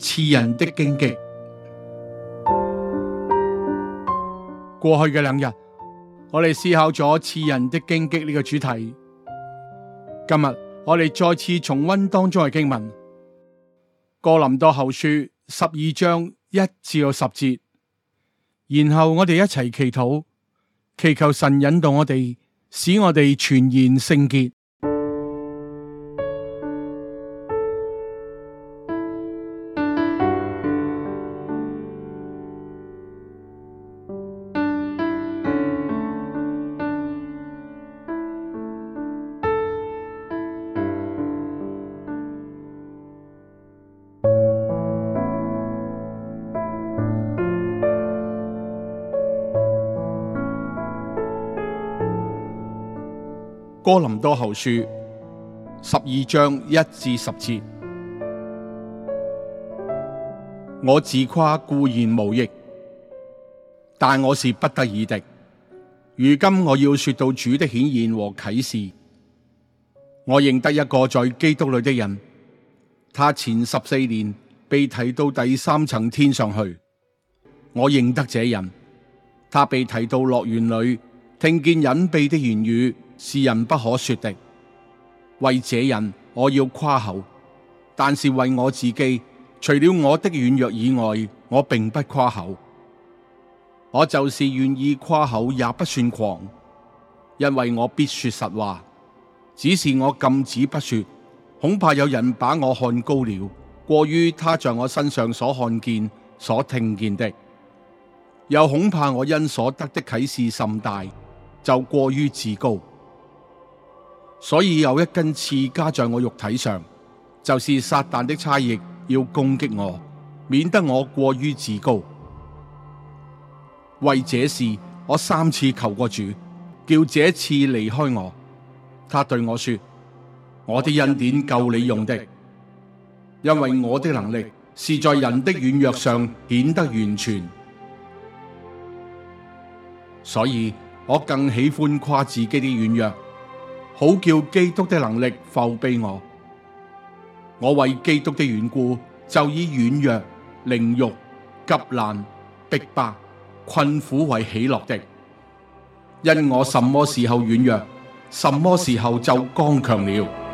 刺人的荊棘。過去嘅兩日，我哋思考咗刺人的荊棘呢個主題。今日我哋再次重溫當中嘅經文，《哥林多後書》十二章一至到十節，然後我哋一齊祈禱，祈求神引導我哋，使我哋全然聖潔。哥林多後書十二章一至十節，我自誇固然無益，但我是不得已的。如今我要說到主的顯現和啟示，我認得一個在基督裏的人，他前十四年被提到第三層天上去。我認得這人，他被提到樂園裏，聽見隱秘的言語。是人不可說的，為這人我要誇口；但是為我自己，除了我的軟弱以外，我並不誇口。我就是願意誇口，也不算狂，因為我必說實話。只是我禁止不說，恐怕有人把我看高了，過於他在我身上所看見、所聽見的；又恐怕我因所得的啟示甚大，就過於自高。所以有一根刺加在我肉體上，就是撒旦的差役要攻擊我，免得我過於自高。為這事，我三次求過主，叫這刺離開我。他對我說：我啲恩典夠你用的，因為我的能力是在人的軟弱上顯得完全。所以我更喜歡誇自己啲軟弱。好叫基督的能力浮備我，我為基督的緣故就以軟弱、凌辱、急難、逼迫、困苦為喜樂的，因我什麼時候軟弱，什麼時候就剛強了。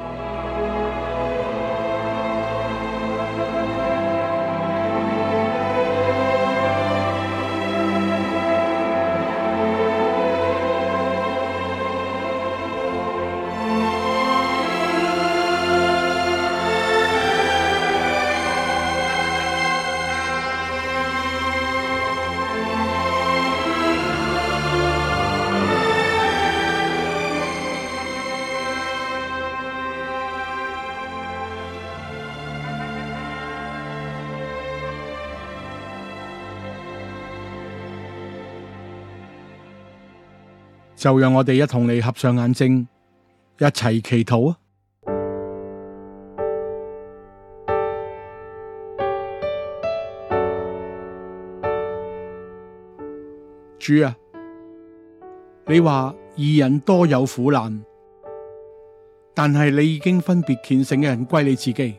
就讓我哋一同嚟合上眼睛，一齊祈禱啊！主啊，你話義人多有苦難，但係你已經分別虔誠嘅人歸你自己，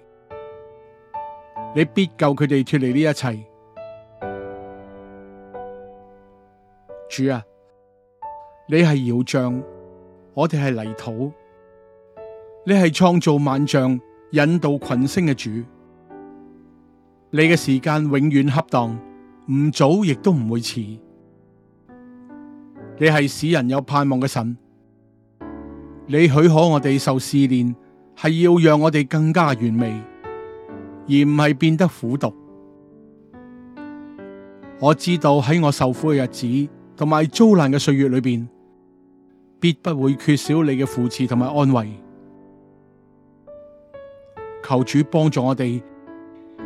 你必救佢哋脫離呢一切。主啊！你係窯匠，我哋係泥土。你係創造萬象、引導群星嘅主。你嘅時間永遠恰當，唔早亦都唔會遲。你係使人有盼望嘅神。你許可我哋受試煉，係要讓我哋更加完美，而唔係變得苦毒。我知道喺我受苦嘅日子同埋遭難嘅歲月裏邊。必不會缺少你嘅扶持同埋安慰。求主幫助我哋，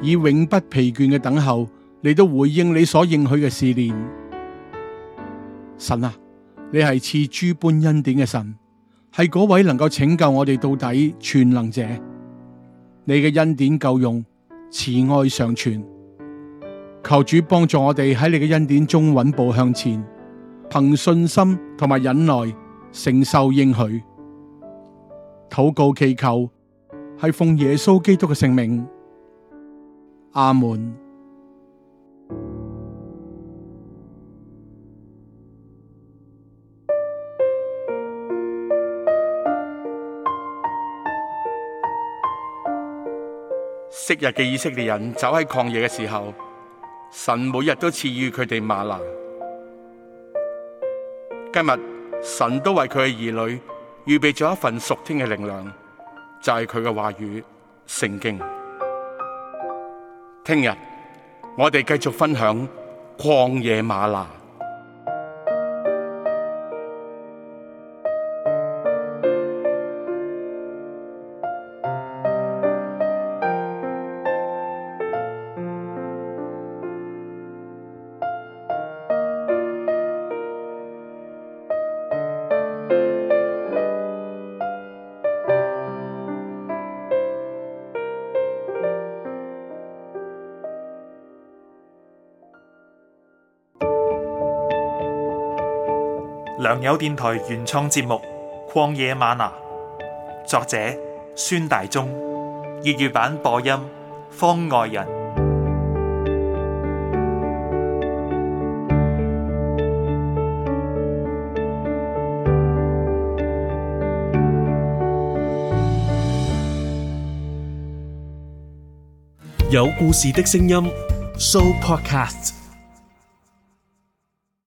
以永不疲倦嘅等候嚟到回應你所應許嘅試煉。神啊，你係賜諸般恩典嘅神，係嗰位能夠拯救我哋到底全能者。你嘅恩典夠用，慈愛常存。求主幫助我哋喺你嘅恩典中穩步向前，憑信心同埋忍耐。承受應許，禱告祈求，係奉耶穌基督嘅聖名，阿門。昔日嘅以色列人走喺曠野嘅時候，神每日都賜予佢哋嗎哪。今日。神都為佢嘅兒女預備咗一份屬天嘅靈糧，就係佢嘅話語《聖經》。聽日我哋繼續分享曠野嗎哪。良友電台原創節目《曠野嗎哪》，作者孫大中，粵語版播音方外人，有故事的聲音，Show Podcast。